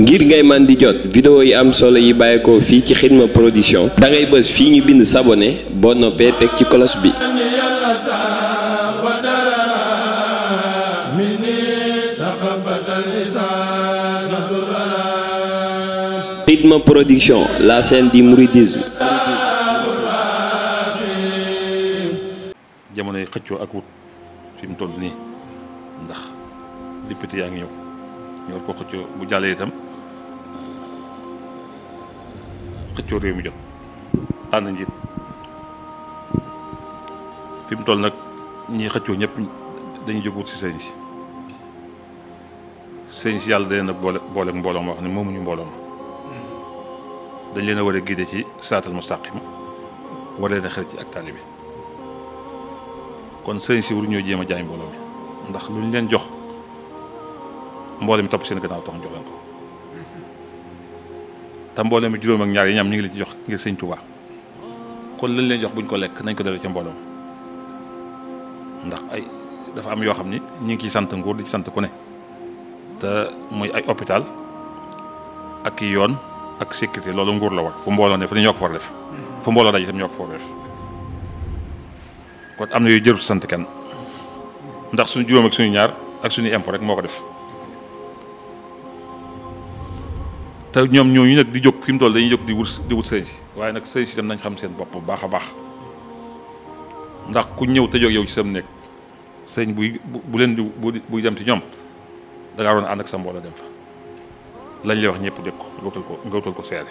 ngir ngay man di jot vidéo yi am solo yi bàyyeekoo fi ci Xidma Production da ngay beus fi ñu bind s'abonner bo noppé tek ci cloche bi. Xidma Production la scène du mouridisme. jamonoy xëccoo ak wut fi mu toll ndax. député yaa ngi ñëw ñu war ko xëccoo bu jàllee itam xëccoo réew mi jot tànn njiit fi mu toll nag ñi xëccoo ñëpp dañuy jóg ci si sëñ si sëñ si yàlla da leen boole booleeg mbooloo wax ne moomuñu mbooloo ma dañ leen a war a guider ci saatal mustaqim war leen a ci ak taalibe kon sëñ si waruñoo jéem a jaay mbooloo ndax lu ñu leen jox. mboolem mi topp seen gannaaw tax ñu jox leen ko te mboolem mi juróom ak ñaar yi ñam ñu ngi leen ci jox ngir sëñ Tuubaa kon lañ leen jox buñ ko lekk nañ ko dale ca mboolem ndax ay dafa am yoo xam ni ñu ngi ciy sant nguur di ci sant ku ne te ay hôpital ak yoon ak sécurité loolu nguur la fu mbooloo ne fa ñoo ko def fu mbooloo daj itam ñoo ko for def kon am na yooyu jëru sant kenn ndax suñu juróom ak suñu ñaar ak suñu impôt rek moo ko def te ñoom ñooñu nag di jóg fi mu toll dañuy jóg di wut di wut sëñ si waaye nag sëñ si dem nañ xam seen bopp bu baax a baax ndax ku ñëw te jóg yow ci sam nekk sëñ buy bu leen di buy dem ti ñoom da ngaa waroon ànd ak sa mboola dem fa lañ lay wax ñëpp dégg ko nga wutal ko nga ko seere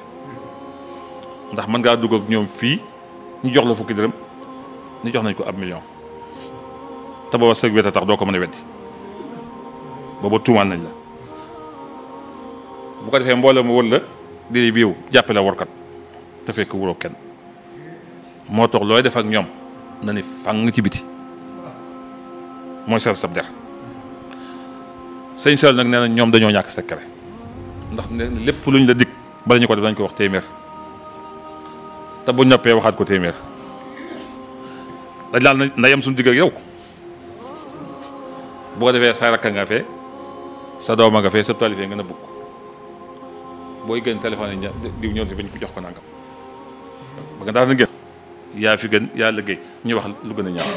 ndax mën ngaa dugg ak ñoom fii ñu jox la fukki dërëm ñu jox nañ ko ab million te booba sëg wet a tax doo ko mën a weddi booba tuumaan nañ la. bu ko defee mbooloo mu wër la di biiw jàppale workat te fekk wuroo kenn moo tax looy def ak ñoom na ni fang ci biti mooy sel sab der sëñ sel nag nee na ñoom dañoo ñàkk secret ndax ne lépp luñ la dig bala ñu ko def dañ ko wax téeméer te bu noppee waxaat ko téeméer dañ laal na yem suñu digg ak yow bu ko defee sa rakka nga fee sa dooma nga fee sa taalifee nga a bukk booy gën téléphone yi diw ñëw si bañ ko jox ko nangam ba nga daana gën yaa fi gën yaa liggéey ñuy wax lu gën a ñaaw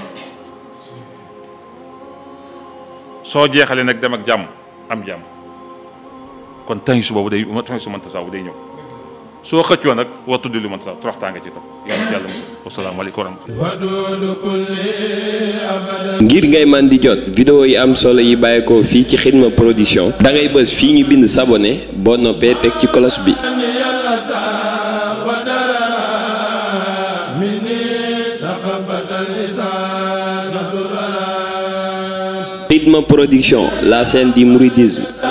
soo jeexalee nag dem ak jàmm am jàmm kon tey su boobu day tey su mënta saabu day ñëw So xëccu nak wa ci ngir ngay man di jot vidéo yi am solo yi fi ci Xidma production da ngay vous fi ñu bind bo noppé tek ci cloche bi. Xidma production la scène du mouridisme.